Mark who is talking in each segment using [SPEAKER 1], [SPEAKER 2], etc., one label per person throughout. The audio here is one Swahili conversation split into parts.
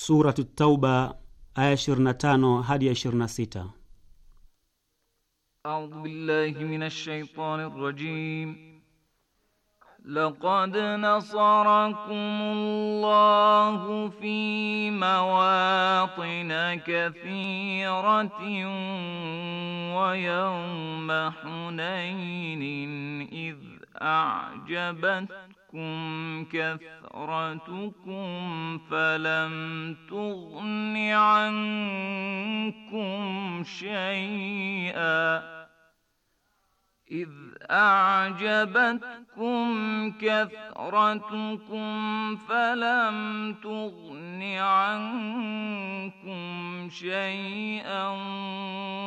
[SPEAKER 1] Suratu Tauba aya 25 hadi ya 26.
[SPEAKER 2] A'udhu billahi minash shaitani rajim. لقد نصركم الله في مواطن كثيرة ويوم حنين إذ أعجبتكم غرتكم كثرتكم فلم تغن عنكم شيئا إذ أعجبتكم كثرتكم فلم تغن عنكم شيئا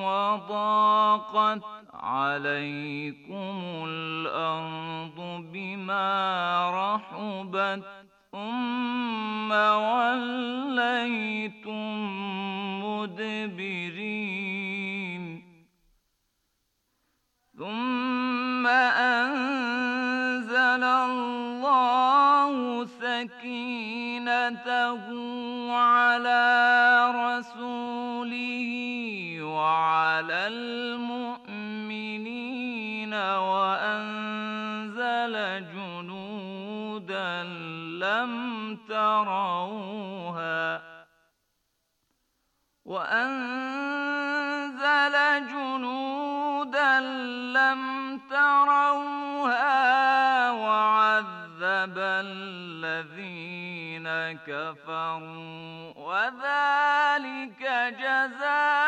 [SPEAKER 2] وضاقت عليكم الأرض بما رحبت ثم وليتم مدبرين ثم أنزل الله سكينته على رسوله وعلى المؤمنين وأنزل جنودا لم تروها وأنزل كفروا وذلك جزاؤهم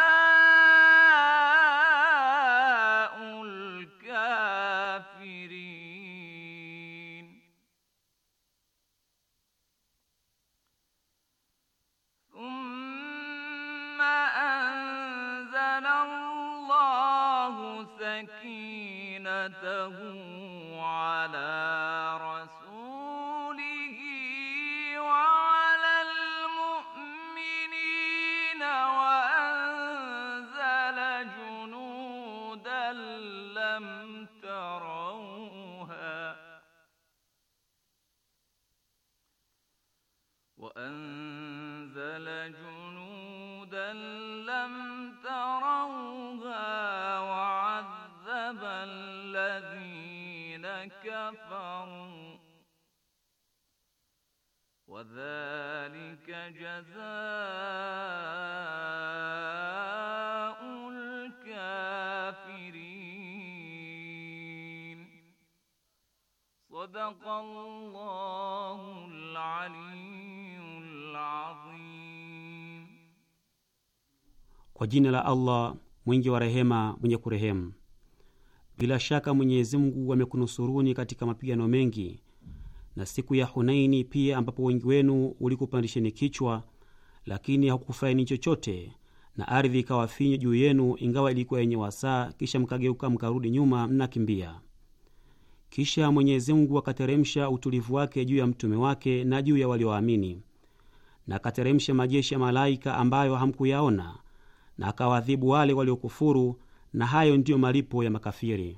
[SPEAKER 2] jazaul kafirin. aliyyul
[SPEAKER 1] azim. Kwa jina la Allah mwingi wa rehema mwenye kurehemu. Bila shaka Mwenyezi Mungu amekunusuruni katika mapigano mengi na siku ya Hunaini pia, ambapo wengi wenu ulikupandisheni kichwa, lakini hakukufaini chochote, na ardhi ikawa juu yenu, ingawa ilikuwa yenye wasaa, kisha mkageuka mkarudi nyuma mnakimbia. Kisha Mwenyezi Mungu akateremsha utulivu wake juu ya mtume wake na juu ya walioamini, na akateremsha majeshi ya malaika ambayo hamkuyaona, na akawaadhibu wale waliokufuru, na hayo ndiyo malipo ya makafiri.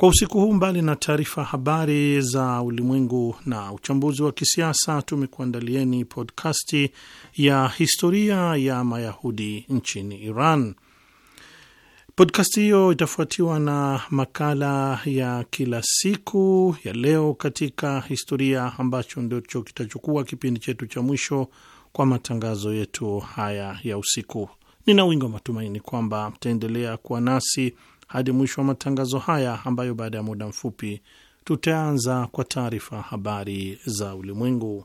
[SPEAKER 3] Kwa usiku huu, mbali na taarifa habari za ulimwengu na uchambuzi wa kisiasa, tumekuandalieni podkasti ya historia ya Mayahudi nchini Iran. Podkasti hiyo itafuatiwa na makala ya kila siku ya leo katika historia, ambacho ndicho kitachukua kipindi chetu cha mwisho kwa matangazo yetu haya ya usiku. Nina wingi wa matumaini kwamba mtaendelea kuwa nasi hadi mwisho wa matangazo haya ambayo baada ya muda mfupi tutaanza kwa taarifa habari za ulimwengu.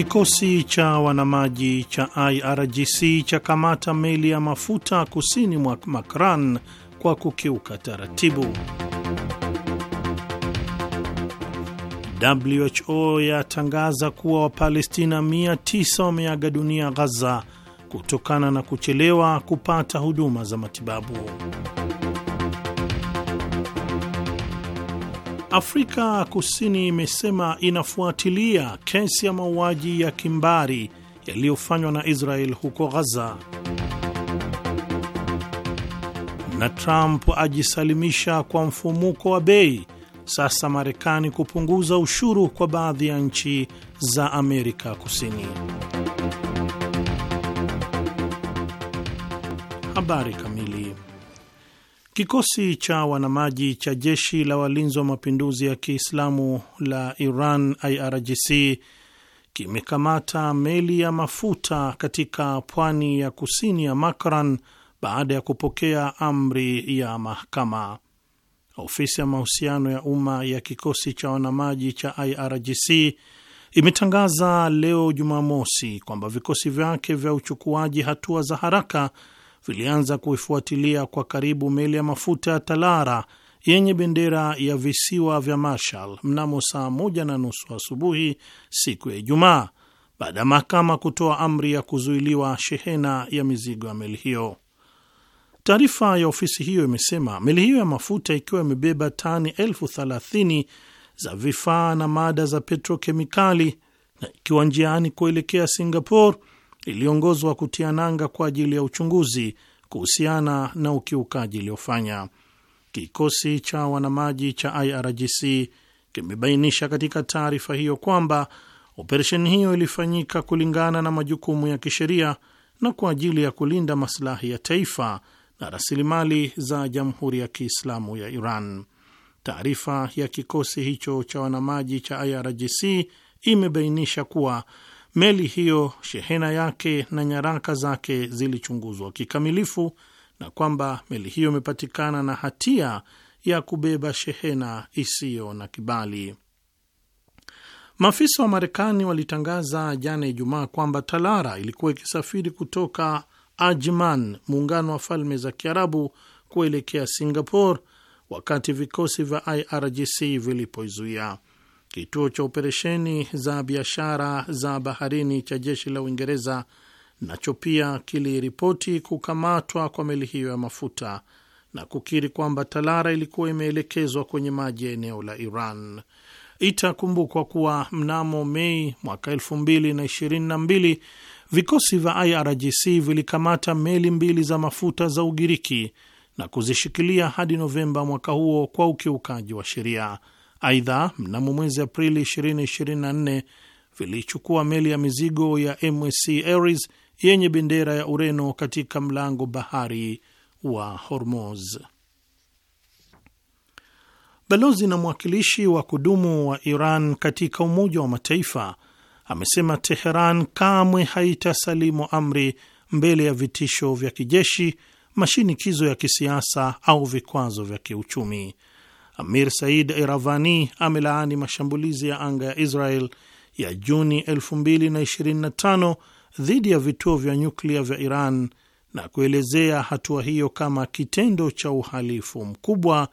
[SPEAKER 3] Kikosi cha wanamaji cha IRGC cha kamata meli ya mafuta kusini mwa Makran kwa kukiuka taratibu. WHO yatangaza kuwa Wapalestina 900 wameaga dunia ghaza kutokana na kuchelewa kupata huduma za matibabu. Afrika Kusini imesema inafuatilia kesi ya mauaji ya kimbari yaliyofanywa na Israel huko Gaza. Na Trump ajisalimisha kwa mfumuko wa bei, sasa Marekani kupunguza ushuru kwa baadhi ya nchi za Amerika Kusini. Habari kamili Kikosi cha wanamaji cha jeshi la walinzi wa mapinduzi ya Kiislamu la Iran IRGC kimekamata meli ya mafuta katika pwani ya kusini ya Makran baada ya kupokea amri ya mahakama. Ofisi ya mahusiano ya umma ya kikosi cha wanamaji cha IRGC imetangaza leo Jumamosi kwamba vikosi vyake vya uchukuaji hatua za haraka vilianza kuifuatilia kwa karibu meli ya mafuta ya Talara yenye bendera ya visiwa vya Marshall mnamo saa moja na nusu asubuhi siku ya Ijumaa baada ya mahakama kutoa amri ya kuzuiliwa shehena ya mizigo ya meli hiyo. Taarifa ya ofisi hiyo imesema meli hiyo ya mafuta ikiwa imebeba tani elfu thelathini za vifaa na mada za petrokemikali na ikiwa njiani kuelekea Singapore liliongozwa kutia nanga kwa ajili ya uchunguzi kuhusiana na ukiukaji iliyofanya. Kikosi cha wanamaji cha IRGC kimebainisha katika taarifa hiyo kwamba operesheni hiyo ilifanyika kulingana na majukumu ya kisheria na kwa ajili ya kulinda masilahi ya taifa na rasilimali za Jamhuri ya Kiislamu ya Iran. Taarifa ya kikosi hicho cha wanamaji cha IRGC imebainisha kuwa Meli hiyo, shehena yake na nyaraka zake zilichunguzwa kikamilifu na kwamba meli hiyo imepatikana na hatia ya kubeba shehena isiyo na kibali. Maafisa wa Marekani walitangaza jana Ijumaa kwamba Talara ilikuwa ikisafiri kutoka Ajman, muungano wa falme za Kiarabu, kuelekea Singapore wakati vikosi vya IRGC vilipoizuia. Kituo cha operesheni za biashara za baharini cha jeshi la Uingereza nacho pia kiliripoti kukamatwa kwa meli hiyo ya mafuta na kukiri kwamba TALARA ilikuwa imeelekezwa kwenye maji ya eneo la Iran. Itakumbukwa kuwa mnamo Mei mwaka mbili vikosi vya IRGC vilikamata meli mbili za mafuta za Ugiriki na kuzishikilia hadi Novemba mwaka huo kwa ukiukaji wa sheria. Aidha, mnamo mwezi Aprili 2024 vilichukua meli ya mizigo ya MSC Aries yenye bendera ya Ureno katika mlango bahari wa Hormuz. Balozi na mwakilishi wa kudumu wa Iran katika Umoja wa Mataifa amesema Teheran kamwe haitasalimu amri mbele ya vitisho vya kijeshi, mashinikizo ya kisiasa au vikwazo vya kiuchumi. Amir Said Iravani amelaani mashambulizi ya anga ya Israel ya Juni 2025 dhidi ya vituo vya nyuklia vya Iran na kuelezea hatua hiyo kama kitendo cha uhalifu mkubwa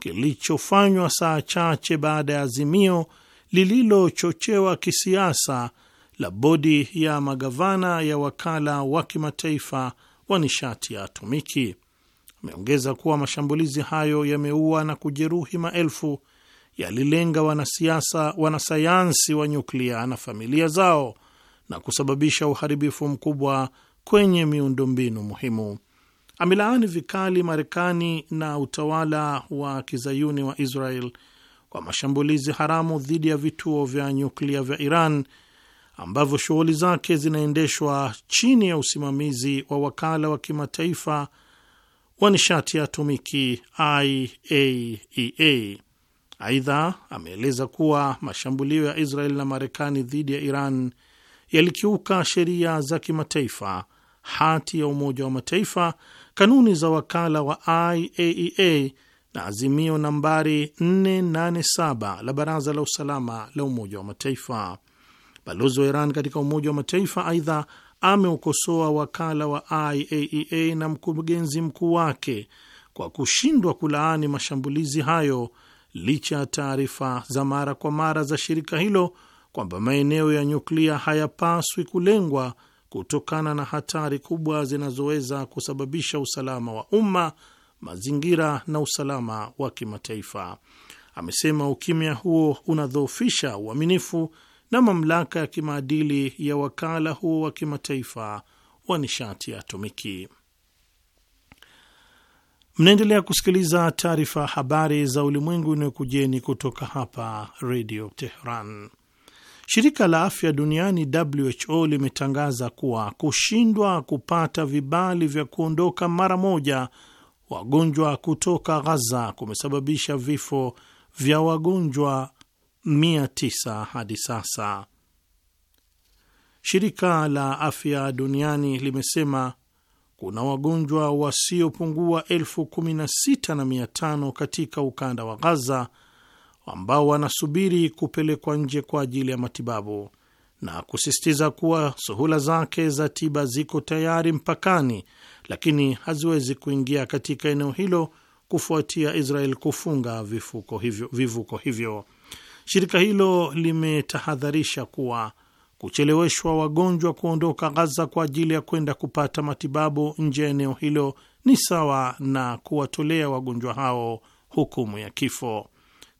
[SPEAKER 3] kilichofanywa saa chache baada ya azimio lililochochewa kisiasa la bodi ya magavana ya wakala wa kimataifa wa nishati ya atomiki. Ameongeza kuwa mashambulizi hayo yameua na kujeruhi maelfu, yalilenga wanasiasa, wanasayansi wa nyuklia na familia zao na kusababisha uharibifu mkubwa kwenye miundombinu muhimu. Amelaani vikali Marekani na utawala wa kizayuni wa Israel kwa mashambulizi haramu dhidi ya vituo vya nyuklia vya Iran ambavyo shughuli zake zinaendeshwa chini ya usimamizi wa wakala wa kimataifa wa nishati ya atomiki IAEA. E aidha, ameeleza kuwa mashambulio ya Israel na Marekani dhidi ya Iran yalikiuka sheria za kimataifa, hati ya Umoja wa Mataifa, kanuni za wakala wa IAEA e na azimio nambari 487 la Baraza la Usalama la Umoja wa Mataifa. Balozi wa Iran katika Umoja wa Mataifa aidha ameukosoa wakala wa IAEA e na mkurugenzi mkuu wake kwa kushindwa kulaani mashambulizi hayo licha ya taarifa za mara kwa mara za shirika hilo kwamba maeneo ya nyuklia hayapaswi kulengwa kutokana na hatari kubwa zinazoweza kusababisha usalama wa umma, mazingira na usalama wa kimataifa. Amesema ukimya huo unadhoofisha uaminifu na mamlaka ya kimaadili ya wakala huo wa kimataifa wa nishati ya atomiki. Mnaendelea kusikiliza taarifa ya habari za ulimwengu inayokujeni kutoka hapa redio Tehran. Shirika la afya duniani WHO limetangaza kuwa kushindwa kupata vibali vya kuondoka mara moja wagonjwa kutoka Ghaza kumesababisha vifo vya wagonjwa 900 hadi sasa. Shirika la Afya Duniani limesema kuna wagonjwa wasiopungua elfu kumi na sita na mia tano katika ukanda wa Ghaza ambao wanasubiri kupelekwa nje kwa ajili ya matibabu na kusisitiza kuwa suhula zake za tiba ziko tayari mpakani, lakini haziwezi kuingia katika eneo hilo kufuatia Israel kufunga vivuko hivyo, vivuko hivyo. Shirika hilo limetahadharisha kuwa kucheleweshwa wagonjwa kuondoka Ghaza kwa ajili ya kwenda kupata matibabu nje ya eneo hilo ni sawa na kuwatolea wagonjwa hao hukumu ya kifo.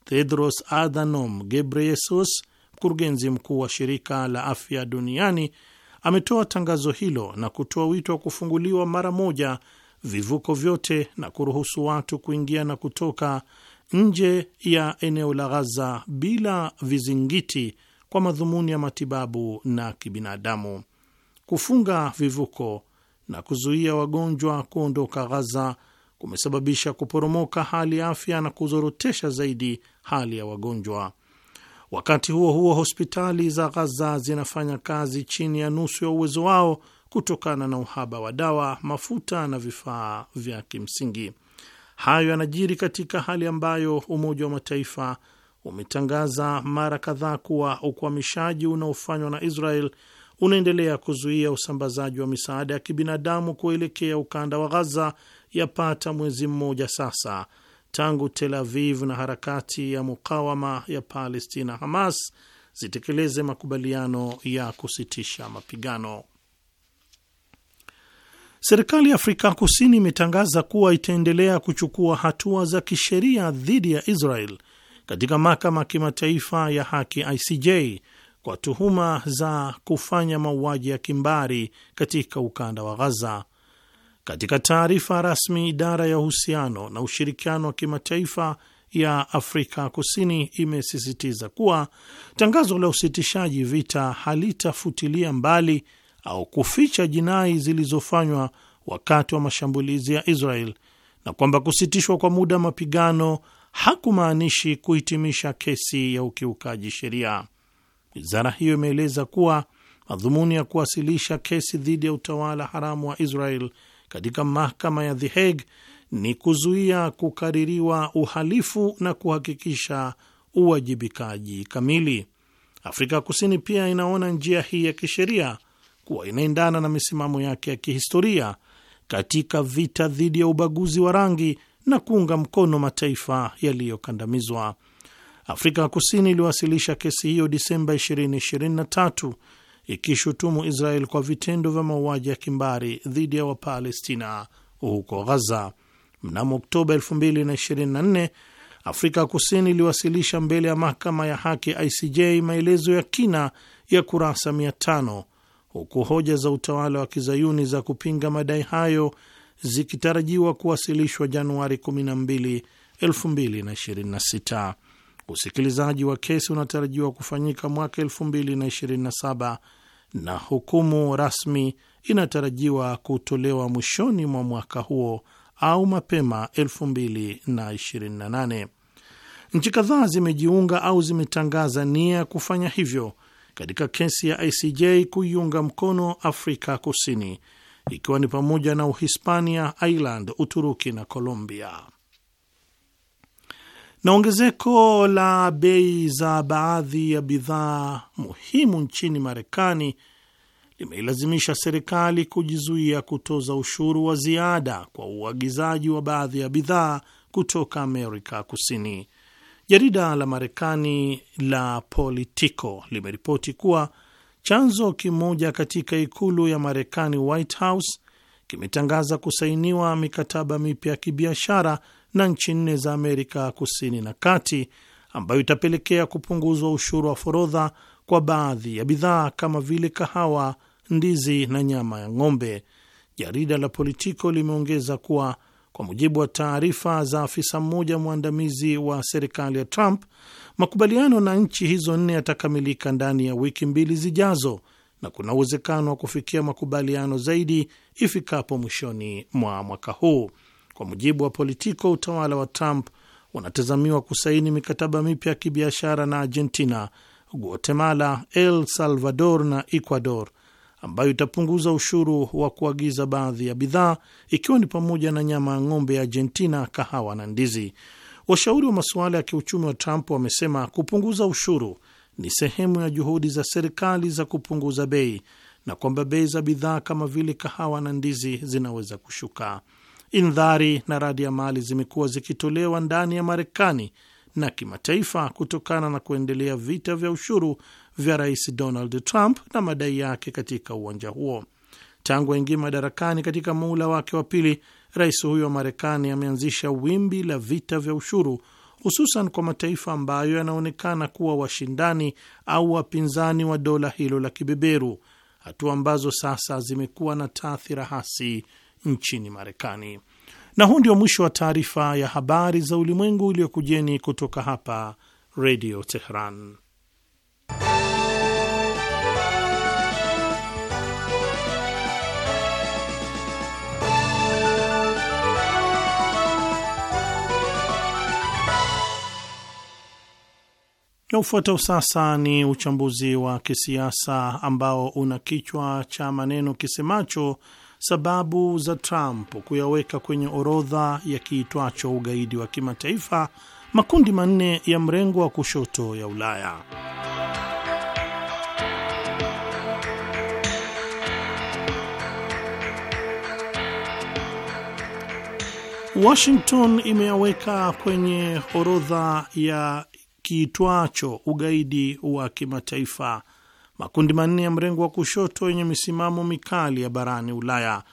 [SPEAKER 3] Tedros Adhanom Ghebreyesus, mkurugenzi mkuu wa shirika la afya duniani, ametoa tangazo hilo na kutoa wito wa kufunguliwa mara moja vivuko vyote na kuruhusu watu kuingia na kutoka nje ya eneo la Ghaza bila vizingiti kwa madhumuni ya matibabu na kibinadamu. Kufunga vivuko na kuzuia wagonjwa kuondoka Ghaza kumesababisha kuporomoka hali ya afya na kuzorotesha zaidi hali ya wagonjwa. Wakati huo huo, hospitali za Ghaza zinafanya kazi chini ya nusu ya uwezo wao kutokana na uhaba wa dawa, mafuta na vifaa vya kimsingi. Hayo yanajiri katika hali ambayo Umoja wa Mataifa umetangaza mara kadhaa kuwa ukwamishaji unaofanywa na Israel unaendelea kuzuia usambazaji wa misaada ya kibinadamu kuelekea ukanda wa Ghaza yapata mwezi mmoja sasa tangu Tel Aviv na harakati ya mukawama ya Palestina Hamas zitekeleze makubaliano ya kusitisha mapigano. Serikali ya Afrika Kusini imetangaza kuwa itaendelea kuchukua hatua za kisheria dhidi ya Israel katika mahakama ya kimataifa ya haki ICJ kwa tuhuma za kufanya mauaji ya kimbari katika ukanda wa Ghaza. Katika taarifa rasmi, idara ya uhusiano na ushirikiano wa kimataifa ya Afrika Kusini imesisitiza kuwa tangazo la usitishaji vita halitafutilia mbali au kuficha jinai zilizofanywa wakati wa mashambulizi ya Israel na kwamba kusitishwa kwa muda mapigano hakumaanishi kuhitimisha kesi ya ukiukaji sheria. Wizara hiyo imeeleza kuwa madhumuni ya kuwasilisha kesi dhidi ya utawala haramu wa Israel katika mahakama ya The Hague ni kuzuia kukaririwa uhalifu na kuhakikisha uwajibikaji kamili. Afrika Kusini pia inaona njia hii ya kisheria kuwa inaendana na misimamo yake ya kihistoria katika vita dhidi ya ubaguzi wa rangi na kuunga mkono mataifa yaliyokandamizwa. Afrika ya Kusini iliwasilisha kesi hiyo Disemba 2023 ikishutumu Israel kwa vitendo vya mauaji ya kimbari dhidi ya Wapalestina huko Ghaza. Mnamo Oktoba 2024 Afrika ya Kusini iliwasilisha mbele ya mahakama ya haki ICJ maelezo ya kina ya kurasa 500 huku hoja za utawala wa kizayuni za kupinga madai hayo zikitarajiwa kuwasilishwa Januari 12, 2026. Usikilizaji wa kesi unatarajiwa kufanyika mwaka 2027 na hukumu rasmi inatarajiwa kutolewa mwishoni mwa mwaka huo au mapema 2028. Nchi kadhaa zimejiunga au zimetangaza nia ya kufanya hivyo katika kesi ya ICJ kuiunga mkono Afrika Kusini, ikiwa ni pamoja na Uhispania, Ireland, Uturuki na Colombia. Na ongezeko la bei za baadhi ya bidhaa muhimu nchini Marekani limeilazimisha serikali kujizuia kutoza ushuru wa ziada kwa uagizaji wa baadhi ya bidhaa kutoka Amerika Kusini. Jarida la Marekani la Politico limeripoti kuwa chanzo kimoja katika ikulu ya Marekani, White House, kimetangaza kusainiwa mikataba mipya ya kibiashara na nchi nne za Amerika Kusini na Kati ambayo itapelekea kupunguzwa ushuru wa forodha kwa baadhi ya bidhaa kama vile kahawa, ndizi na nyama ya ng'ombe. Jarida la Politico limeongeza kuwa kwa mujibu wa taarifa za afisa mmoja mwandamizi wa serikali ya Trump, makubaliano na nchi hizo nne yatakamilika ndani ya wiki mbili zijazo na kuna uwezekano wa kufikia makubaliano zaidi ifikapo mwishoni mwa mwaka huu. Kwa mujibu wa Politico, utawala wa Trump unatazamiwa kusaini mikataba mipya ya kibiashara na Argentina, Guatemala, El Salvador na Ecuador ambayo itapunguza ushuru wa kuagiza baadhi ya bidhaa ikiwa ni pamoja na nyama ya ng'ombe ya Argentina, kahawa na ndizi. Washauri wa masuala ya kiuchumi wa Trump wamesema kupunguza ushuru ni sehemu ya juhudi za serikali za kupunguza bei na kwamba bei za bidhaa kama vile kahawa na ndizi zinaweza kushuka. Indhari na radi ya mali zimekuwa zikitolewa ndani ya Marekani na kimataifa kutokana na kuendelea vita vya ushuru vya rais Donald Trump na madai yake katika uwanja huo. Tangu aingie madarakani katika muhula wake wa pili, rais huyo wa Marekani ameanzisha wimbi la vita vya ushuru, hususan kwa mataifa ambayo yanaonekana kuwa washindani au wapinzani wa dola hilo la kibeberu, hatua ambazo sasa zimekuwa na taathira hasi nchini Marekani. Na huu ndio mwisho wa taarifa ya habari za ulimwengu iliyokujeni kutoka hapa Radio Tehran. Na ufuatao sasa ni uchambuzi wa kisiasa ambao una kichwa cha maneno kisemacho sababu za Trump kuyaweka kwenye orodha ya kiitwacho ugaidi wa kimataifa makundi manne ya mrengo wa kushoto ya Ulaya. Washington imeyaweka kwenye orodha ya kiitwacho ugaidi wa kimataifa, makundi manne ya mrengo wa kushoto yenye misimamo mikali ya barani Ulaya.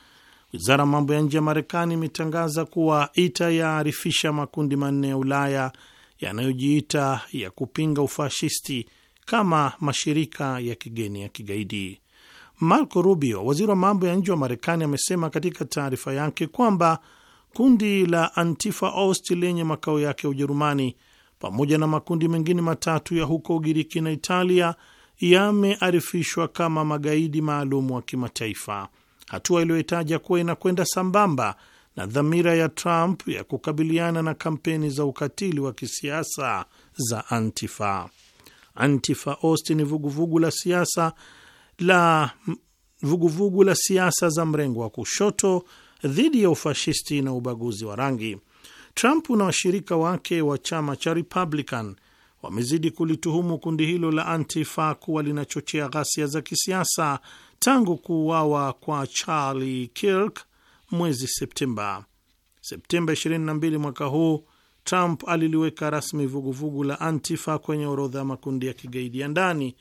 [SPEAKER 3] Wizara ya mambo ya nje ya Marekani imetangaza kuwa itayaarifisha makundi manne ya Ulaya yanayojiita ya kupinga ufashisti kama mashirika ya kigeni ya kigaidi. Marco Rubio, waziri wa mambo ya nje wa Marekani, amesema katika taarifa yake kwamba kundi la Antifa Ost lenye makao yake Ujerumani pamoja na makundi mengine matatu ya huko Ugiriki na Italia yamearifishwa kama magaidi maalum wa kimataifa, hatua iliyohitaja kuwa inakwenda sambamba na dhamira ya Trump ya kukabiliana na kampeni za ukatili wa kisiasa za Antifa. Antifa Ost ni vuguvugu la siasa la vuguvugu la siasa za mrengo wa kushoto dhidi ya ufashisti na ubaguzi wa rangi. Trump na washirika wake wa chama cha Republican wamezidi kulituhumu kundi hilo la Antifa kuwa linachochea ghasia za kisiasa tangu kuuawa kwa Charlie Kirk mwezi Septemba. Septemba 22 mwaka huu, Trump aliliweka rasmi vuguvugu la Antifa kwenye orodha ya makundi ya kigaidi ya ndani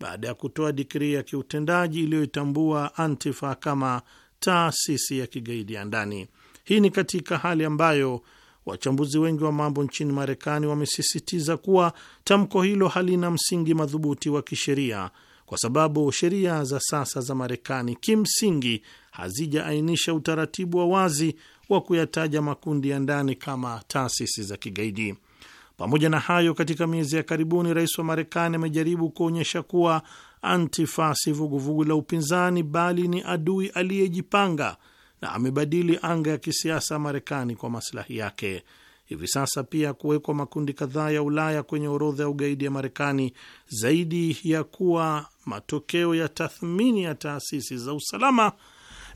[SPEAKER 3] baada ya kutoa dikrii ya kiutendaji iliyoitambua Antifa kama taasisi ya kigaidi ya ndani. Hii ni katika hali ambayo Wachambuzi wengi wa mambo nchini Marekani wamesisitiza kuwa tamko hilo halina msingi madhubuti wa kisheria kwa sababu sheria za sasa za Marekani kimsingi hazijaainisha utaratibu wa wazi wa kuyataja makundi ya ndani kama taasisi za kigaidi. Pamoja na hayo, katika miezi ya karibuni, rais wa Marekani amejaribu kuonyesha kuwa Antifa si vuguvugu la upinzani, bali ni adui aliyejipanga na amebadili anga ya kisiasa Marekani kwa maslahi yake. Hivi sasa pia kuwekwa makundi kadhaa ya Ulaya kwenye orodha ya ugaidi ya Marekani, zaidi ya kuwa matokeo ya tathmini ya taasisi za usalama,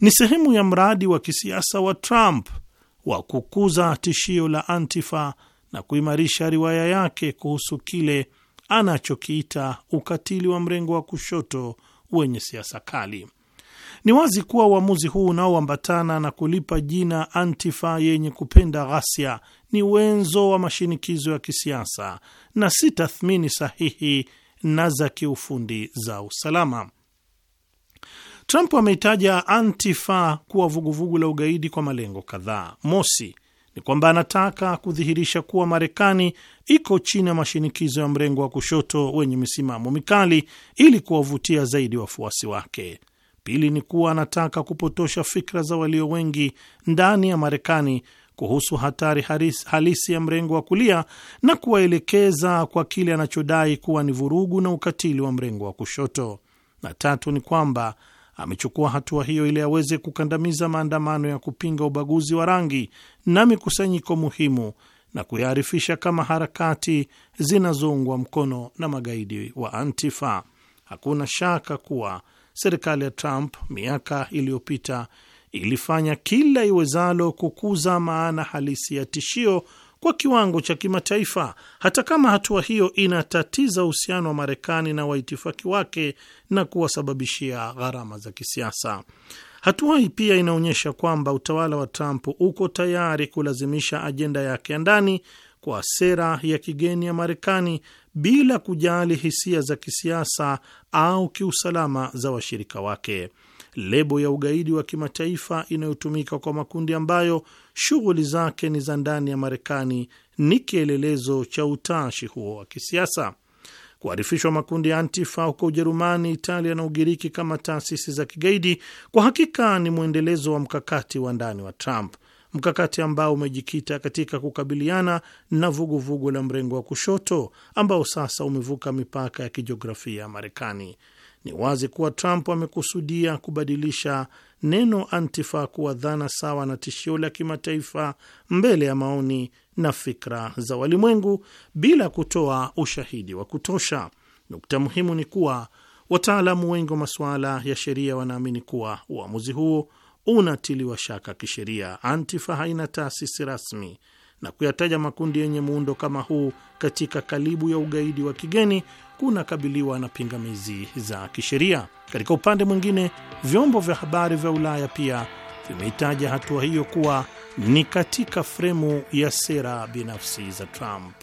[SPEAKER 3] ni sehemu ya mradi wa kisiasa wa Trump wa kukuza tishio la Antifa na kuimarisha riwaya yake kuhusu kile anachokiita ukatili wa mrengo wa kushoto wenye siasa kali. Ni wazi kuwa uamuzi huu unaoambatana na kulipa jina Antifa yenye kupenda ghasia ni wenzo wa mashinikizo ya kisiasa na si tathmini sahihi na za kiufundi za usalama. Trump ameitaja Antifa kuwa vuguvugu la ugaidi kwa malengo kadhaa. Mosi ni kwamba anataka kudhihirisha kuwa Marekani iko chini ya mashinikizo ya mrengo wa kushoto wenye misimamo mikali ili kuwavutia zaidi wafuasi wake pili ni kuwa anataka kupotosha fikra za walio wengi ndani ya Marekani kuhusu hatari haris, halisi ya mrengo wa kulia na kuwaelekeza kwa kile anachodai kuwa ni vurugu na ukatili wa mrengo wa kushoto. Na tatu ni kwamba amechukua hatua hiyo ili aweze kukandamiza maandamano ya kupinga ubaguzi wa rangi na mikusanyiko muhimu na kuyaarifisha kama harakati zinazoungwa mkono na magaidi wa Antifa. Hakuna shaka kuwa serikali ya Trump miaka iliyopita ilifanya kila iwezalo kukuza maana halisi ya tishio kwa kiwango cha kimataifa, hata kama hatua hiyo inatatiza uhusiano wa Marekani na waitifaki wake na kuwasababishia gharama za kisiasa. Hatua hii pia inaonyesha kwamba utawala wa Trump uko tayari kulazimisha ajenda yake ya ndani kwa sera ya kigeni ya Marekani bila kujali hisia za kisiasa au kiusalama za washirika wake. Lebo ya ugaidi wa kimataifa inayotumika kwa makundi ambayo shughuli zake ni za ndani ya Marekani ni kielelezo cha utashi huo wa kisiasa. Kuharifishwa makundi ya Antifa huko Ujerumani, Italia na Ugiriki kama taasisi za kigaidi kwa hakika ni mwendelezo wa mkakati wa ndani wa Trump mkakati ambao umejikita katika kukabiliana na vuguvugu vugu la mrengo wa kushoto ambao sasa umevuka mipaka ya kijiografia ya Marekani. Ni wazi kuwa Trump amekusudia kubadilisha neno Antifa kuwa dhana sawa na tishio la kimataifa mbele ya maoni na fikra za walimwengu bila kutoa ushahidi wa kutosha. Nukta muhimu ni kuwa wataalamu wengi wa masuala ya sheria wanaamini kuwa uamuzi huo unatiliwa shaka kisheria. Antifa haina taasisi rasmi, na kuyataja makundi yenye muundo kama huu katika kalibu ya ugaidi wa kigeni kunakabiliwa na pingamizi za kisheria. Katika upande mwingine, vyombo vya habari vya Ulaya pia vimeitaja hatua hiyo kuwa ni katika fremu ya sera binafsi za Trump.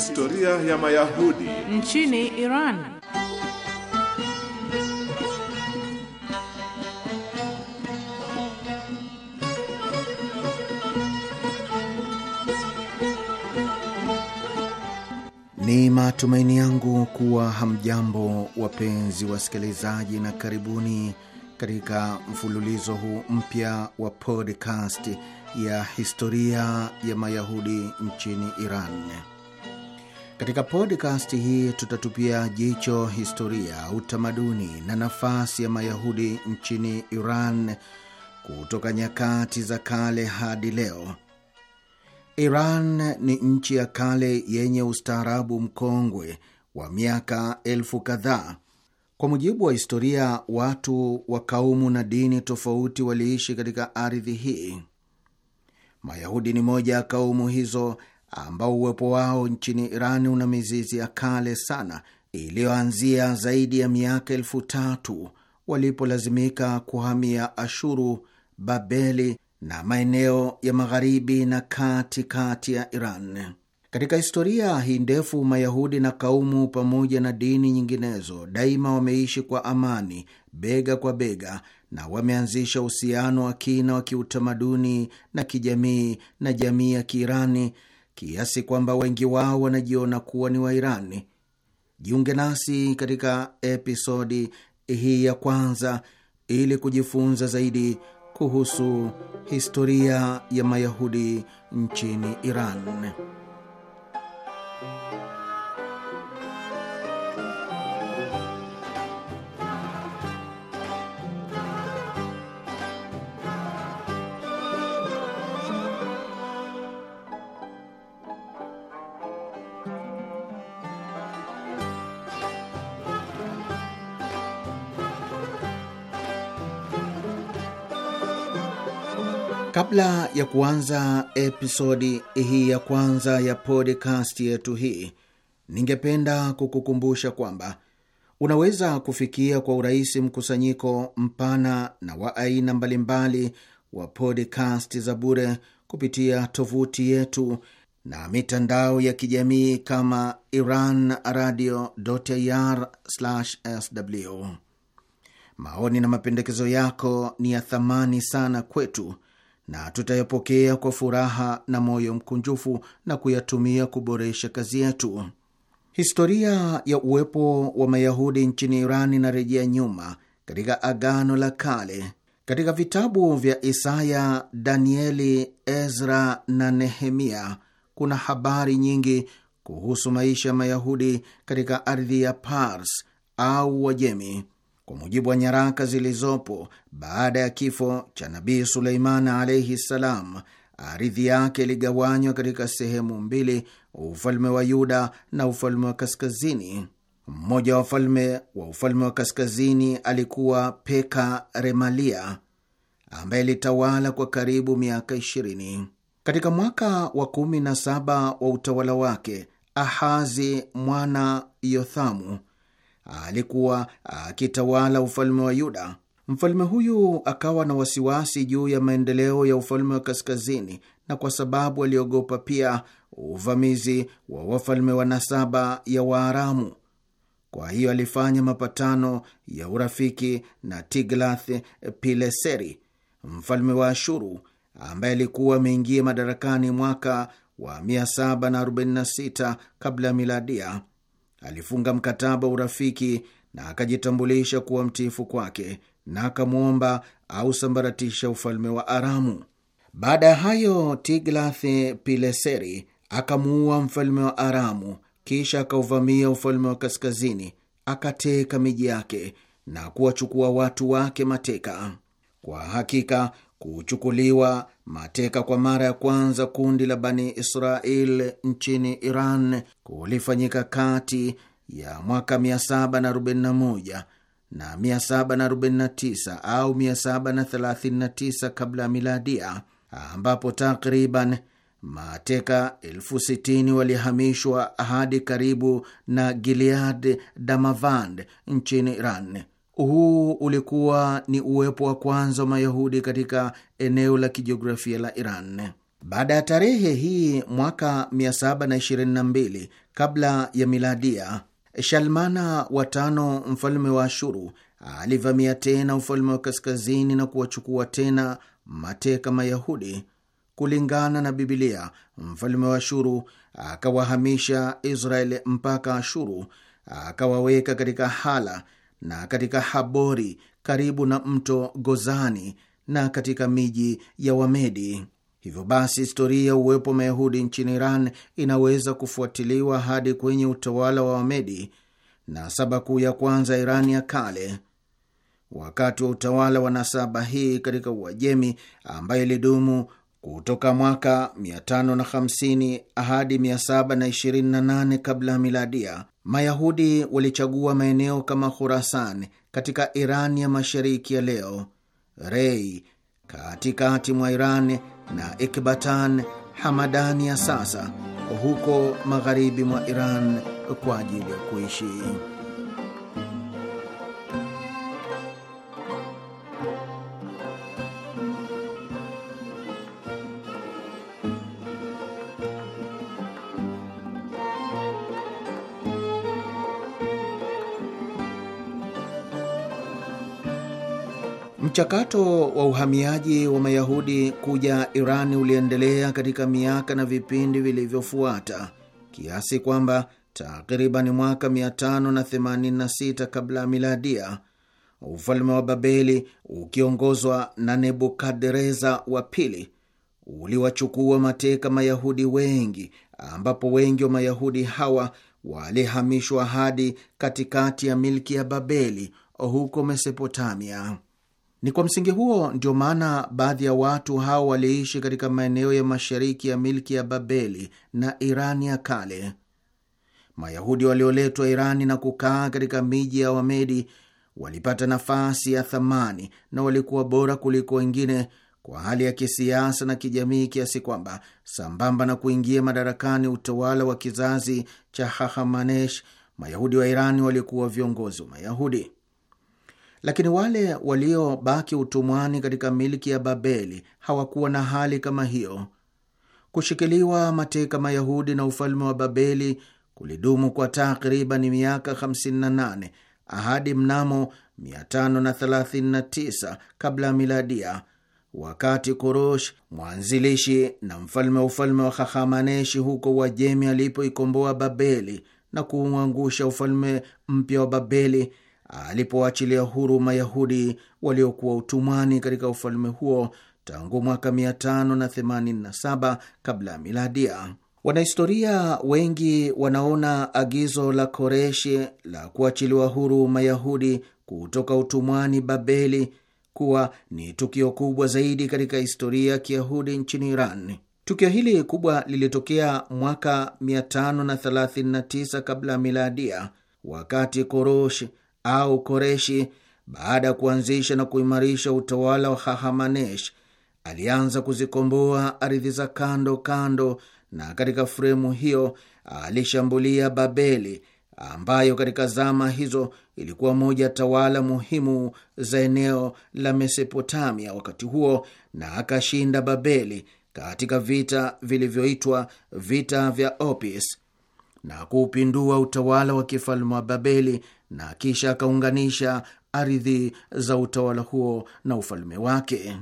[SPEAKER 4] Historia ya Mayahudi nchini Iran.
[SPEAKER 1] Ni matumaini yangu kuwa hamjambo wapenzi wasikilizaji, na karibuni katika mfululizo huu mpya wa podcast ya historia ya Mayahudi nchini Iran. Katika podcast hii tutatupia jicho historia, utamaduni na nafasi ya Mayahudi nchini Iran kutoka nyakati za kale hadi leo. Iran ni nchi ya kale yenye ustaarabu mkongwe wa miaka elfu kadhaa. Kwa mujibu wa historia, watu wa kaumu na dini tofauti waliishi katika ardhi hii. Mayahudi ni moja ya kaumu hizo ambao uwepo wao nchini Iran una mizizi ya kale sana iliyoanzia zaidi ya miaka elfu tatu walipolazimika kuhamia Ashuru, Babeli na maeneo ya magharibi na kati kati ya Iran. Katika historia hii ndefu, Mayahudi na kaumu pamoja na dini nyinginezo daima wameishi kwa amani, bega kwa bega, na wameanzisha uhusiano wa kina wa kiutamaduni na kijamii na jamii ya Kiirani kiasi kwamba wengi wao wanajiona kuwa ni Wairani. Jiunge nasi katika episodi hii ya kwanza ili kujifunza zaidi kuhusu historia ya Mayahudi nchini Iran. Kabla ya kuanza episodi hii ya kwanza ya podcast yetu hii, ningependa kukukumbusha kwamba unaweza kufikia kwa urahisi mkusanyiko mpana na wa aina mbalimbali wa podcast za bure kupitia tovuti yetu na mitandao ya kijamii kama Iran Radio ir sw. Maoni na mapendekezo yako ni ya thamani sana kwetu na tutayapokea kwa furaha na moyo mkunjufu na kuyatumia kuboresha kazi yetu. Historia ya uwepo wa Mayahudi nchini Iran inarejea nyuma katika Agano la Kale. Katika vitabu vya Isaya, Danieli, Ezra na Nehemia kuna habari nyingi kuhusu maisha ya Mayahudi katika ardhi ya Pars au Wajemi. Kwa mujibu wa nyaraka zilizopo, baada ya kifo cha Nabii Suleiman alaihi ssalam, ardhi yake iligawanywa katika sehemu mbili, ufalme wa Yuda na ufalme wa Kaskazini. Mmoja wa wafalme wa ufalme wa Kaskazini alikuwa Peka Remalia ambaye alitawala kwa karibu miaka 20. Katika mwaka wa kumi na saba wa utawala wake, Ahazi mwana Yothamu alikuwa akitawala ufalme wa Yuda. Mfalme huyu akawa na wasiwasi juu ya maendeleo ya ufalme wa kaskazini, na kwa sababu aliogopa pia uvamizi wa wafalme wa nasaba ya Waaramu. Kwa hiyo alifanya mapatano ya urafiki na Tiglath Pileseri, mfalme wa Ashuru, ambaye alikuwa ameingia madarakani mwaka wa 746 kabla ya miladia alifunga mkataba wa urafiki na akajitambulisha kuwa mtiifu kwake na akamwomba ausambaratisha ufalme wa Aramu. Baada ya hayo, Tiglath Pileseri akamuua mfalme wa Aramu, kisha akauvamia ufalme wa kaskazini, akateka miji yake na kuwachukua watu wake mateka. Kwa hakika kuchukuliwa mateka kwa mara ya kwanza kundi la Bani Israel nchini Iran kulifanyika kati ya mwaka 741 na 749 au 739 kabla ya miladia, ambapo takriban mateka elfu sitini walihamishwa hadi karibu na Gilead Damavand nchini Iran huu ulikuwa ni uwepo wa kwanza wa Mayahudi katika eneo la kijiografia la Iran. Baada ya tarehe hii mwaka 722 kabla ya miladia, Shalmana wa tano mfalme wa Ashuru alivamia tena ufalme wa kaskazini na kuwachukua tena mateka Mayahudi. Kulingana na Bibilia, mfalme wa Ashuru akawahamisha Israeli mpaka Ashuru, akawaweka katika hala na katika Habori karibu na mto Gozani na katika miji ya Wamedi. Hivyo basi historia ya uwepo wa Mayahudi nchini Iran inaweza kufuatiliwa hadi kwenye utawala wa Wamedi na saba kuu ya kwanza Iran ya kale. Wakati wa utawala wa nasaba hii katika Uajemi, ambayo ilidumu kutoka mwaka 550 hadi 728 kabla ya miladia, Mayahudi walichagua maeneo kama Khurasan katika Iran ya mashariki ya leo, Rei katikati mwa Iran na Ekbatan Hamadani ya sasa huko magharibi mwa Iran kwa ajili ya kuishi. Mchakato wa uhamiaji wa Mayahudi kuja Irani uliendelea katika miaka na vipindi vilivyofuata kiasi kwamba takriban mwaka 586 kabla ya miladia, ufalme wa Babeli ukiongozwa na Nebukadreza wa pili uliwachukua mateka Mayahudi wengi, ambapo wengi wa Mayahudi hawa walihamishwa hadi katikati ya milki ya Babeli huko Mesopotamia. Ni kwa msingi huo ndio maana baadhi ya watu hao waliishi katika maeneo ya mashariki ya milki ya Babeli na Irani ya kale. Mayahudi walioletwa Irani na kukaa katika miji ya Wamedi walipata nafasi ya thamani na walikuwa bora kuliko wengine kwa hali ya kisiasa na kijamii, kiasi kwamba sambamba na kuingia madarakani utawala wa kizazi cha Hahamanesh, Mayahudi wa Irani walikuwa viongozi wa Mayahudi. Lakini wale waliobaki utumwani katika milki ya Babeli hawakuwa na hali kama hiyo. Kushikiliwa mateka Mayahudi na ufalme wa Babeli kulidumu kwa takriban miaka 58 ahadi mnamo 539 kabla ya miladia, wakati Kurush, mwanzilishi na mfalme wa ufalme wa Hahamaneshi huko Uajemi, alipoikomboa Babeli na kuuangusha ufalme mpya wa Babeli alipowaachilia huru Mayahudi waliokuwa utumwani katika ufalme huo tangu mwaka 587 kabla ya miladia. Wanahistoria wengi wanaona agizo la Koreshi la kuachiliwa huru Mayahudi kutoka utumwani Babeli kuwa ni tukio kubwa zaidi katika historia ya Kiyahudi nchini Iran. Tukio hili kubwa lilitokea mwaka 539 kabla ya miladia, wakati Korosh au Koreshi, baada ya kuanzisha na kuimarisha utawala wa Hahamanesh, alianza kuzikomboa ardhi za kando kando, na katika fremu hiyo alishambulia Babeli ambayo katika zama hizo ilikuwa moja tawala muhimu za eneo la Mesopotamia wakati huo, na akashinda Babeli katika vita vilivyoitwa vita vya Opis na kuupindua utawala wa kifalme wa Babeli na kisha akaunganisha ardhi za utawala huo na ufalme wake.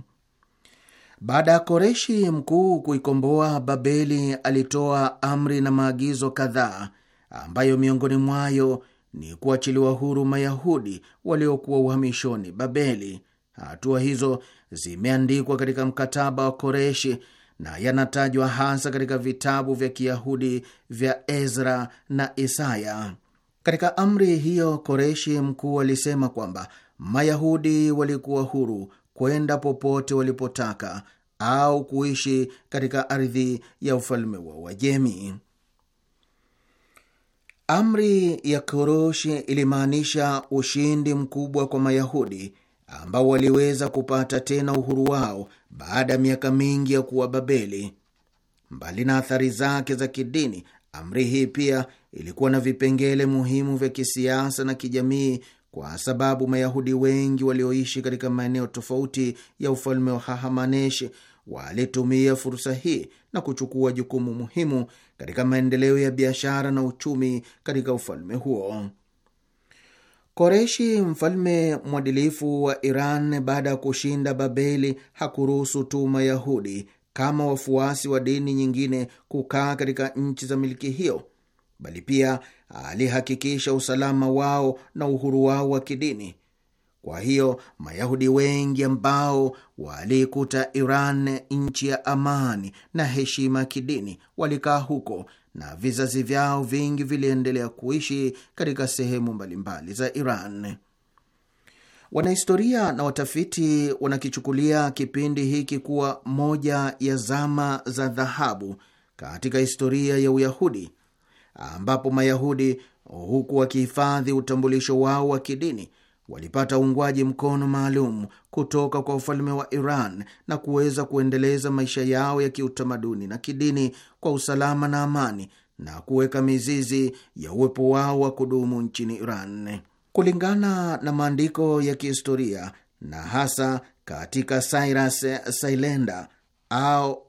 [SPEAKER 1] Baada ya Koreshi mkuu kuikomboa Babeli, alitoa amri na maagizo kadhaa ambayo miongoni mwayo ni kuachiliwa huru Mayahudi waliokuwa uhamishoni Babeli. Hatua hizo zimeandikwa katika mkataba wa Koreshi na yanatajwa hasa katika vitabu vya Kiyahudi vya Ezra na Isaya. Katika amri hiyo, Koreshi mkuu alisema kwamba Mayahudi walikuwa huru kwenda popote walipotaka au kuishi katika ardhi ya ufalme wa Uajemi. Amri ya Koroshi ilimaanisha ushindi mkubwa kwa Mayahudi ambao waliweza kupata tena uhuru wao baada ya miaka mingi ya kuwa Babeli. Mbali na athari zake za kidini, amri hii pia ilikuwa na vipengele muhimu vya kisiasa na kijamii, kwa sababu Mayahudi wengi walioishi katika maeneo tofauti ya ufalme wa hahamaneshi walitumia fursa hii na kuchukua jukumu muhimu katika maendeleo ya biashara na uchumi katika ufalme huo. Koreshi, mfalme mwadilifu wa Iran, baada ya kushinda Babeli, hakuruhusu tu Mayahudi kama wafuasi wa dini nyingine kukaa katika nchi za miliki hiyo, bali pia alihakikisha usalama wao na uhuru wao wa kidini. Kwa hiyo Mayahudi wengi ambao walikuta Iran nchi ya amani na heshima ya kidini walikaa huko na vizazi vyao vingi viliendelea kuishi katika sehemu mbalimbali za Iran. Wanahistoria na watafiti wanakichukulia kipindi hiki kuwa moja ya zama za dhahabu katika historia ya Uyahudi, ambapo Mayahudi, huku wakihifadhi utambulisho wao wa kidini, walipata uungwaji mkono maalum kutoka kwa ufalme wa Iran na kuweza kuendeleza maisha yao ya kiutamaduni na kidini kwa usalama na amani na kuweka mizizi ya uwepo wao wa kudumu nchini Iran kulingana na maandiko ya kihistoria na hasa katika Cyrus Sailenda au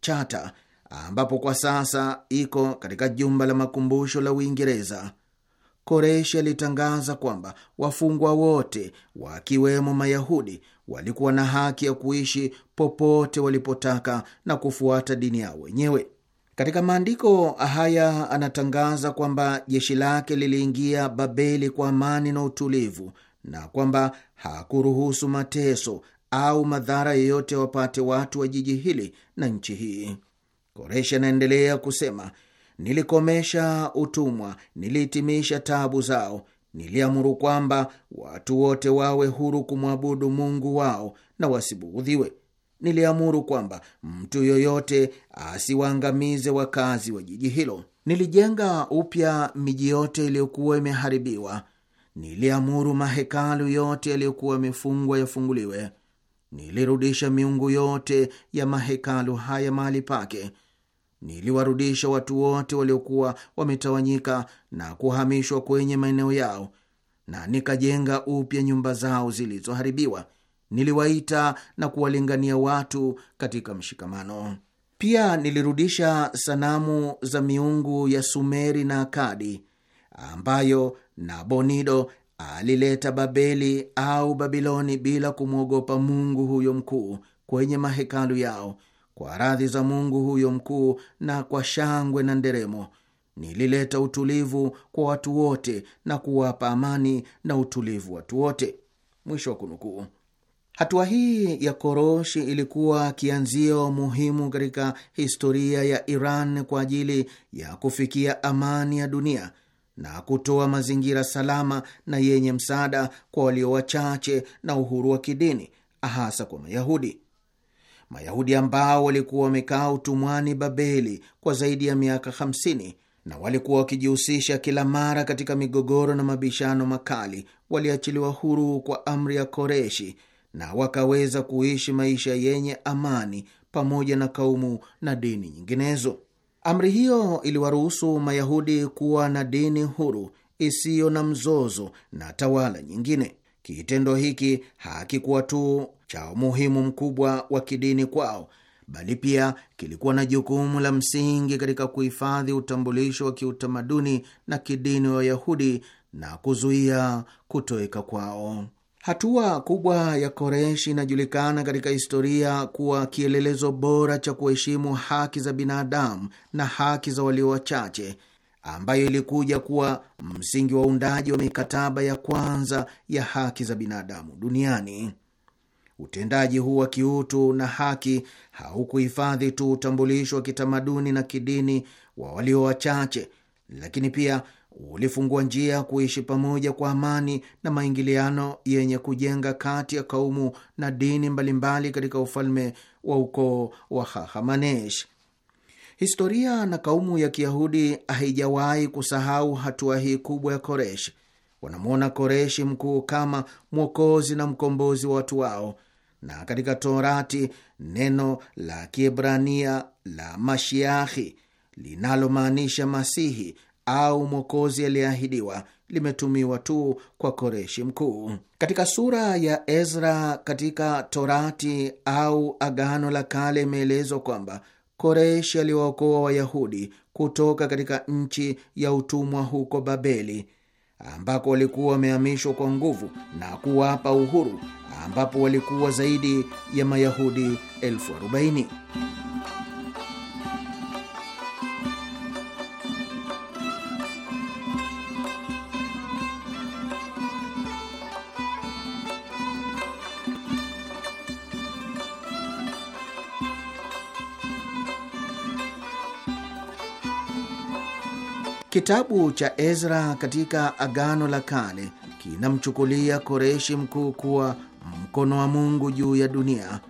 [SPEAKER 1] Chata ambapo kwa sasa iko katika jumba la makumbusho la Uingereza. Koreshi alitangaza kwamba wafungwa wote wakiwemo Mayahudi walikuwa na haki ya kuishi popote walipotaka na kufuata dini yao wenyewe. Katika maandiko haya anatangaza kwamba jeshi lake liliingia Babeli kwa amani na utulivu, na kwamba hakuruhusu mateso au madhara yoyote wapate watu wa jiji hili na nchi hii. Koreshi anaendelea kusema Nilikomesha utumwa, nilihitimisha tabu zao. Niliamuru kwamba watu wote wawe huru kumwabudu Mungu wao na wasibughudhiwe. Niliamuru kwamba mtu yoyote asiwaangamize wakazi wa jiji hilo. Nilijenga upya miji yote iliyokuwa imeharibiwa. Niliamuru mahekalu yote yaliyokuwa yamefungwa yafunguliwe. Nilirudisha miungu yote ya mahekalu haya mahali pake. Niliwarudisha watu wote waliokuwa wametawanyika na kuhamishwa kwenye maeneo yao, na nikajenga upya nyumba zao zilizoharibiwa. Niliwaita na kuwalingania watu katika mshikamano. Pia nilirudisha sanamu za miungu ya Sumeri na Akadi ambayo Nabonido alileta Babeli au Babiloni bila kumwogopa Mungu huyo mkuu kwenye mahekalu yao kwa radhi za Mungu huyo mkuu na kwa shangwe na nderemo. Nilileta utulivu kwa watu wote na kuwapa amani na utulivu watu wote. Mwisho wa kunukuu. Hatua hii ya Koroshi ilikuwa kianzio muhimu katika historia ya Iran kwa ajili ya kufikia amani ya dunia na kutoa mazingira salama na yenye msaada kwa walio wachache na uhuru wa kidini, hasa kwa Mayahudi. Mayahudi ambao walikuwa wamekaa utumwani Babeli kwa zaidi ya miaka 50 na walikuwa wakijihusisha kila mara katika migogoro na mabishano makali, waliachiliwa huru kwa amri ya Koreshi na wakaweza kuishi maisha yenye amani pamoja na kaumu na dini nyinginezo. Amri hiyo iliwaruhusu Mayahudi kuwa na dini huru isiyo na mzozo na tawala nyingine. Kitendo hiki hakikuwa tu cha umuhimu mkubwa wa kidini kwao, bali pia kilikuwa na jukumu la msingi katika kuhifadhi utambulisho wa kiutamaduni na kidini wa Wayahudi na kuzuia kutoweka kwao. Hatua kubwa ya Koreshi inajulikana katika historia kuwa kielelezo bora cha kuheshimu haki za binadamu na haki za walio wachache ambayo ilikuja kuwa msingi wa undaji wa mikataba ya kwanza ya haki za binadamu duniani. Utendaji huu wa kiutu na haki haukuhifadhi tu utambulisho wa kitamaduni na kidini wa walio wachache, lakini pia ulifungua njia ya kuishi pamoja kwa amani na maingiliano yenye kujenga kati ya kaumu na dini mbalimbali katika ufalme wa ukoo wa Hahamanesh. Historia na kaumu ya Kiyahudi haijawahi kusahau hatua hii kubwa ya koreshi Wanamwona Koreshi mkuu kama mwokozi na mkombozi wa watu wao, na katika Torati neno la Kiebrania la Mashiahi linalomaanisha Masihi au mwokozi aliyeahidiwa limetumiwa tu kwa Koreshi mkuu. Katika sura ya Ezra katika Torati au Agano la Kale imeelezwa kwamba koreshi aliwaokoa Wayahudi kutoka katika nchi ya utumwa huko Babeli, ambako walikuwa wamehamishwa kwa nguvu na kuwapa uhuru, ambapo walikuwa zaidi ya Mayahudi elfu arobaini. Kitabu cha Ezra katika Agano la Kale kinamchukulia Koreshi mkuu kuwa mkono wa Mungu juu ya dunia,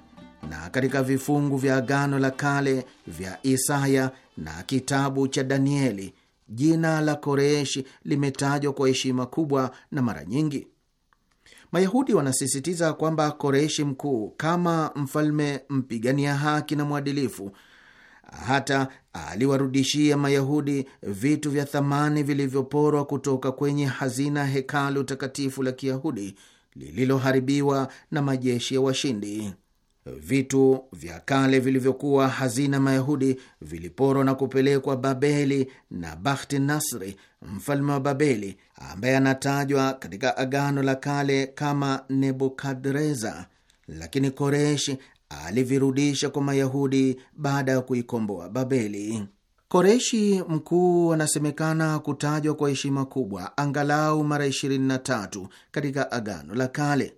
[SPEAKER 1] na katika vifungu vya Agano la Kale vya Isaya na kitabu cha Danieli jina la Koreshi limetajwa kwa heshima kubwa na mara nyingi Mayahudi wanasisitiza kwamba Koreshi mkuu kama mfalme mpigania haki na mwadilifu hata aliwarudishia Mayahudi vitu vya thamani vilivyoporwa kutoka kwenye hazina hekalu takatifu la Kiyahudi lililoharibiwa na majeshi ya washindi. Vitu vya kale vilivyokuwa hazina Mayahudi viliporwa na kupelekwa Babeli na Bakhti Nasri, mfalme wa Babeli, ambaye anatajwa katika Agano la Kale kama Nebukadreza. Lakini Koreshi alivirudisha kwa Mayahudi baada ya kuikomboa Babeli. Koreshi mkuu anasemekana kutajwa kwa heshima kubwa angalau mara 23 katika Agano la Kale.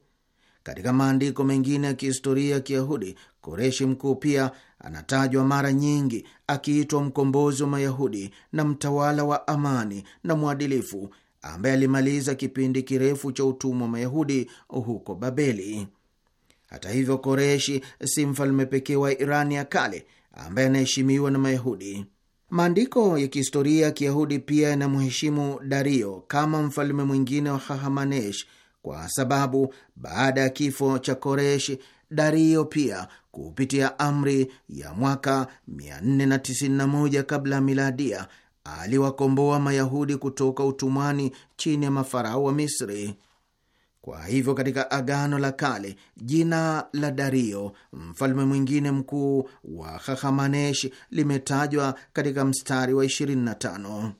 [SPEAKER 1] Katika maandiko mengine ya kihistoria ya Kiyahudi, Koreshi mkuu pia anatajwa mara nyingi akiitwa mkombozi wa Mayahudi na mtawala wa amani na mwadilifu ambaye alimaliza kipindi kirefu cha utumwa wa Mayahudi huko Babeli. Hata hivyo, Koreshi si mfalme pekee wa Irani ya kale ambaye anaheshimiwa na Mayahudi. Maandiko ya kihistoria ya Kiyahudi pia yanamheshimu Dario kama mfalme mwingine wa Hahamanesh, kwa sababu baada ya kifo cha Koreshi, Dario pia kupitia amri ya mwaka 491 kabla ya miladia aliwakomboa Mayahudi kutoka utumwani chini ya mafarao wa Misri. Kwa hivyo katika Agano la Kale jina la Dario, mfalme mwingine mkuu wa Hahamanesh, limetajwa katika mstari wa 25.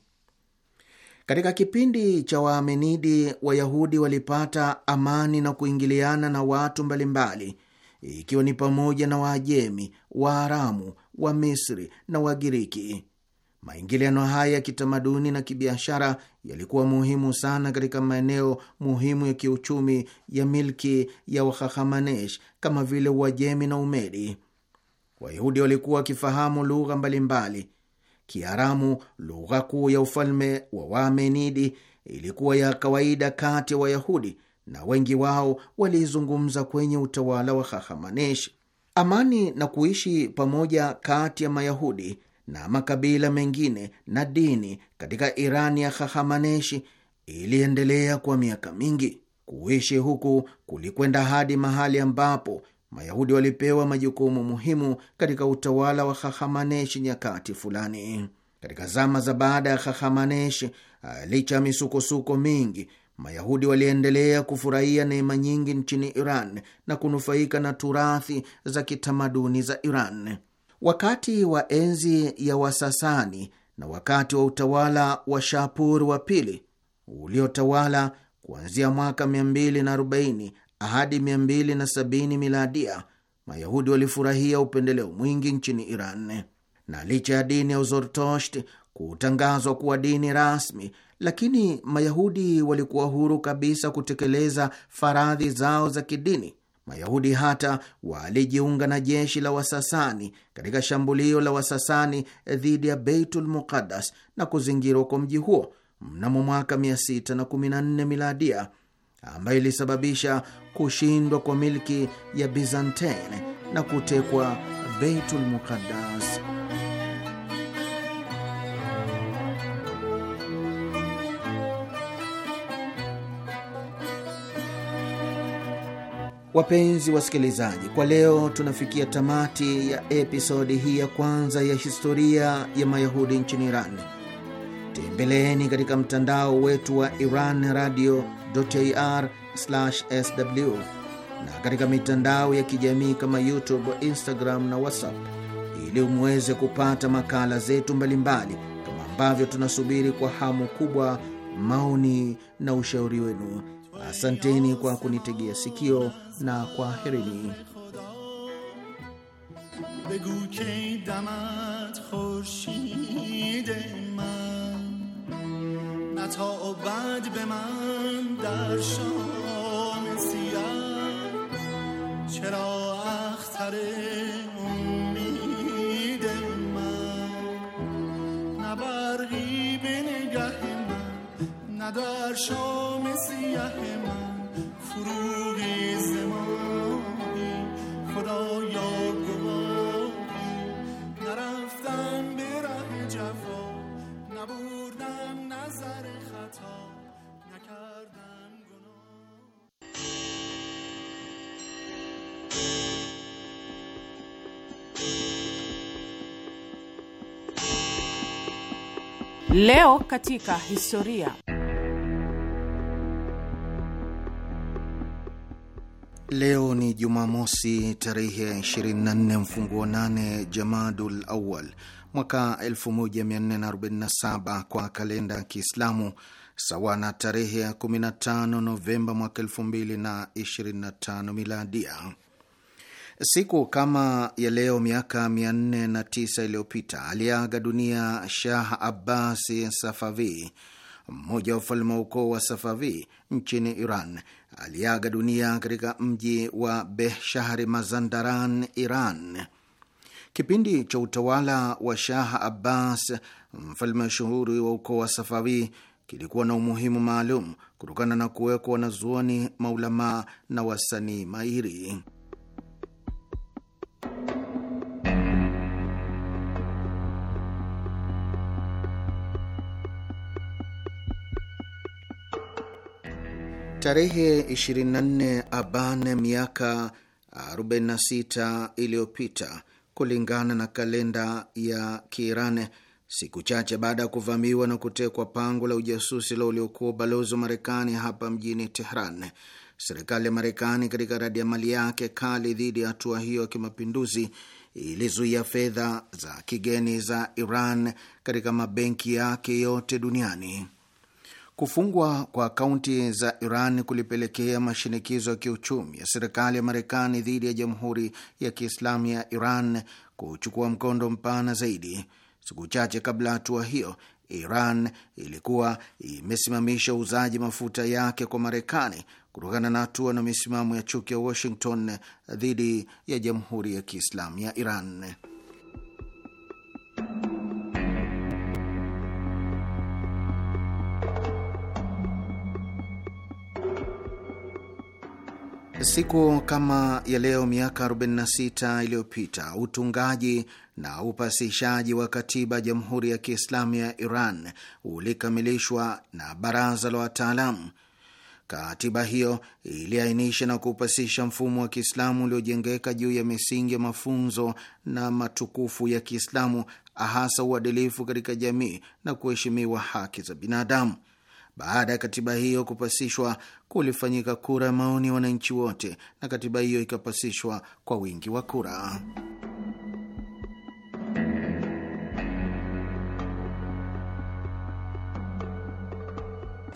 [SPEAKER 1] Katika kipindi cha Waamenidi, Wayahudi walipata amani na kuingiliana na watu mbalimbali, ikiwa ni pamoja na Waajemi, Waaramu, Wamisri na Wagiriki. Maingiliano haya ya kitamaduni na kibiashara yalikuwa muhimu sana katika maeneo muhimu ya kiuchumi ya milki ya wahahamanesh kama vile Uajemi na Umedi. Wayahudi walikuwa wakifahamu lugha mbalimbali. Kiaramu, lugha kuu ya ufalme wa Wamenidi, ilikuwa ya kawaida kati ya Wayahudi na wengi wao waliizungumza kwenye utawala wa hahamanesh Amani na kuishi pamoja kati ya Mayahudi na makabila mengine na dini katika iran ya Hahamaneshi iliendelea kwa miaka mingi. Kuishi huku kulikwenda hadi mahali ambapo Mayahudi walipewa majukumu muhimu katika utawala wa Hahamaneshi nyakati fulani. Katika zama za baada ya Hahamaneshi, licha ya misukosuko mingi, Mayahudi waliendelea kufurahia neema nyingi nchini Iran na kunufaika na turathi za kitamaduni za Iran wakati wa enzi ya Wasasani na wakati wa utawala wa Shapur wa pili uliotawala kuanzia mwaka 240 hadi 270 miladia, Mayahudi walifurahia upendeleo mwingi nchini Iran, na licha ya dini ya Uzortosht kutangazwa kuwa dini rasmi, lakini Mayahudi walikuwa huru kabisa kutekeleza faradhi zao za kidini Mayahudi hata walijiunga na jeshi la Wasasani katika shambulio la Wasasani dhidi ya Beitul Muqaddas na kuzingirwa kwa mji huo mnamo mwaka 614 miladia, ambayo ilisababisha kushindwa kwa milki ya Bizantine na kutekwa Beitul Muqaddas. Wapenzi wasikilizaji, kwa leo tunafikia tamati ya episodi hii ya kwanza ya historia ya Mayahudi nchini Iran. Tembeleeni katika mtandao wetu wa Iran radio ir sw na katika mitandao ya kijamii kama YouTube, Instagram na WhatsApp ili umweze kupata makala zetu mbalimbali, kama ambavyo tunasubiri kwa hamu kubwa maoni na ushauri wenu. Asanteni kwa kunitegea sikio. na
[SPEAKER 2] بگو که دمت خورشید من نه تا بعد به
[SPEAKER 5] من در شام سیاه چرا اختر امید من نه برقی به نگه من نه در شام سیاه من فرو
[SPEAKER 4] Leo katika historia.
[SPEAKER 1] Leo ni Jumamosi tarehe 24 mfunguo 8 Jamadul Awal mwaka 1447 kwa kalenda ya Kiislamu, sawa na tarehe 15 Novemba mwaka 2025 miladia. Siku kama ya leo miaka 409 iliyopita aliaga dunia Shah Abbasi Safavi, mmoja wa ufalme wa ukoo wa Safavi nchini Iran. Aliaga dunia katika mji wa Behshahri Mazandaran, Iran. Kipindi cha utawala wa Shah Abbas, mfalme mashuhuri wa ukoo wa Safavi, kilikuwa na umuhimu maalum kutokana na kuwekwa wanazuoni, maulamaa na wasanii mahiri. Tarehe 24 Aban miaka 46 iliyopita kulingana na kalenda ya Kiiran, siku chache baada ya kuvamiwa na kutekwa pango la ujasusi la uliokuwa ubalozi wa Marekani hapa mjini Tehran, Serikali ya Marekani katika radi ya mali yake kali dhidi ya hatua hiyo ya kimapinduzi ilizuia fedha za kigeni za Iran katika mabenki yake yote duniani. Kufungwa kwa akaunti za Iran kulipelekea mashinikizo ya kiuchumi ya serikali ya Marekani dhidi ya Jamhuri ya Kiislamu ya Iran kuchukua mkondo mpana zaidi. Siku chache kabla ya hatua hiyo, Iran ilikuwa imesimamisha uuzaji mafuta yake kwa Marekani kutokana na hatua na misimamo ya chuki ya Washington dhidi ya Jamhuri ya Kiislamu ya Iran. Siku kama ya leo miaka 46 iliyopita utungaji na upasishaji wa katiba ya Jamhuri ya Kiislamu ya Iran ulikamilishwa na baraza la wataalamu Katiba hiyo iliainisha na kupasisha mfumo wa Kiislamu uliojengeka juu ya misingi ya mafunzo na matukufu ya Kiislamu, hasa uadilifu katika jamii na kuheshimiwa haki za binadamu. Baada ya katiba hiyo kupasishwa, kulifanyika kura ya maoni ya wananchi wote, na katiba hiyo ikapasishwa kwa wingi wa kura.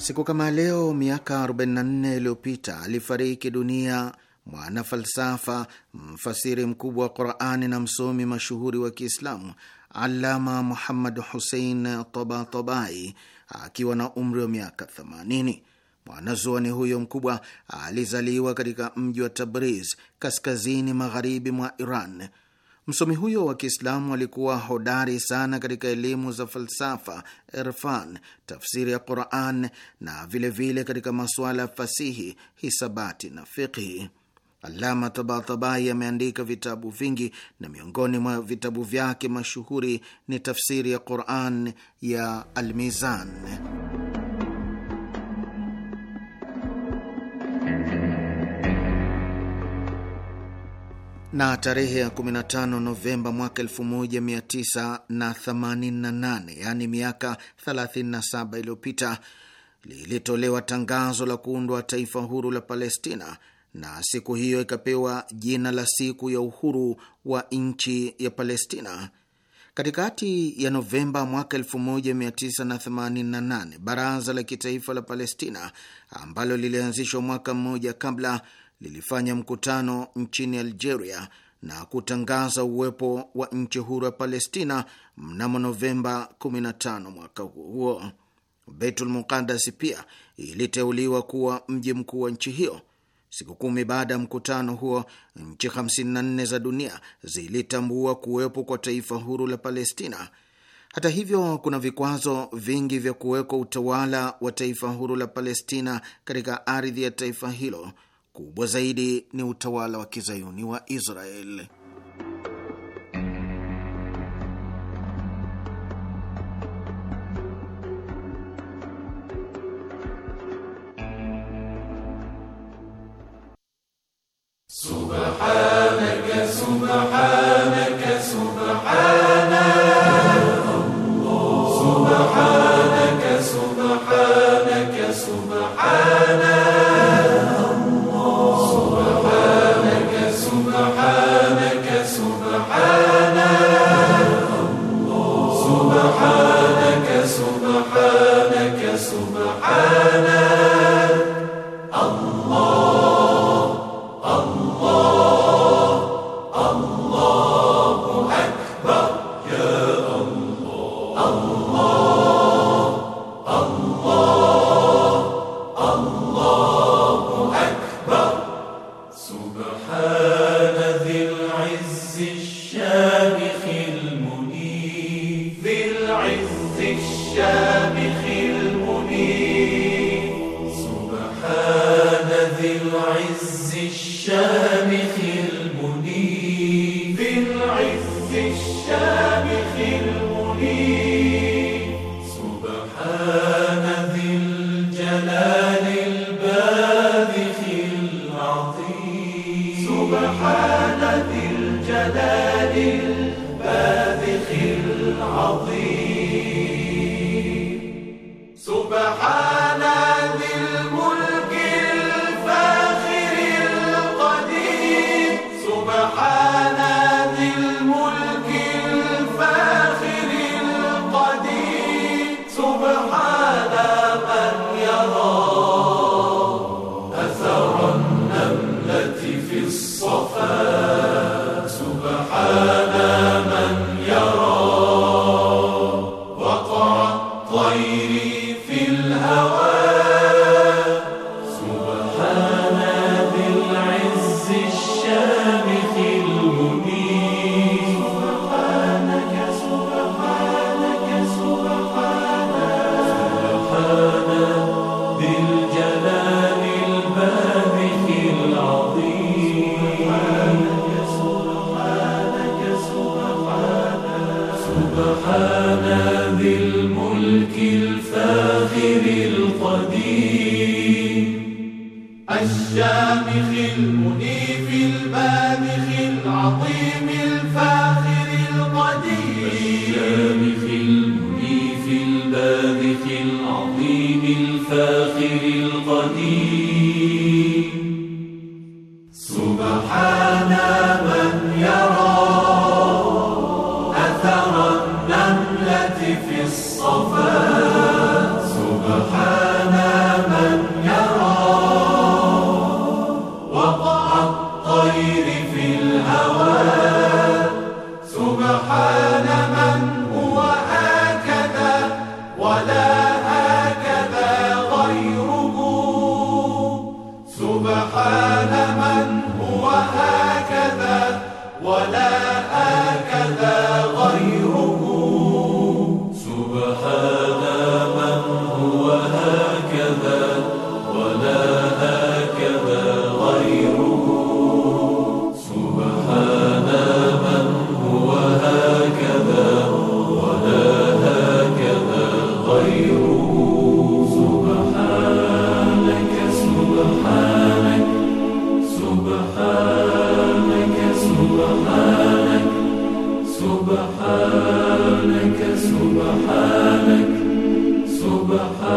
[SPEAKER 1] Siku kama leo miaka 44 iliyopita alifariki dunia mwana falsafa, mfasiri mkubwa wa Qurani na msomi mashuhuri wa Kiislamu Alama Muhammad Husein Tabatabai akiwa na umri wa miaka 80. Mwanazuoni huyo mkubwa alizaliwa katika mji wa Tabriz kaskazini magharibi mwa Iran Msomi huyo wa Kiislamu alikuwa hodari sana katika elimu za falsafa, irfan, tafsiri ya Quran na vilevile vile katika masuala ya fasihi, hisabati na fiqhi. Alama Tabatabai ameandika vitabu vingi na miongoni mwa vitabu vyake mashuhuri ni tafsiri ya Quran ya Almizan. na tarehe ya 15 Novemba mwaka 1988, yaani miaka 37 iliyopita, lilitolewa tangazo la kuundwa taifa huru la Palestina, na siku hiyo ikapewa jina la siku ya uhuru wa nchi ya Palestina. Katikati ya Novemba mwaka 1988, baraza la kitaifa la Palestina ambalo lilianzishwa mwaka mmoja kabla lilifanya mkutano nchini Algeria na kutangaza uwepo wa nchi huru ya Palestina mnamo Novemba 15 mwaka huo huo. Beitul Muqaddas pia iliteuliwa kuwa mji mkuu wa nchi hiyo. Siku kumi baada ya mkutano huo, nchi 54 za dunia zilitambua kuwepo kwa taifa huru la Palestina. Hata hivyo, kuna vikwazo vingi vya kuwekwa utawala wa taifa huru la Palestina katika ardhi ya taifa hilo kubwa zaidi ni utawala wa kizayuni wa Israel.
[SPEAKER 5] Subhanaka, subhanaka.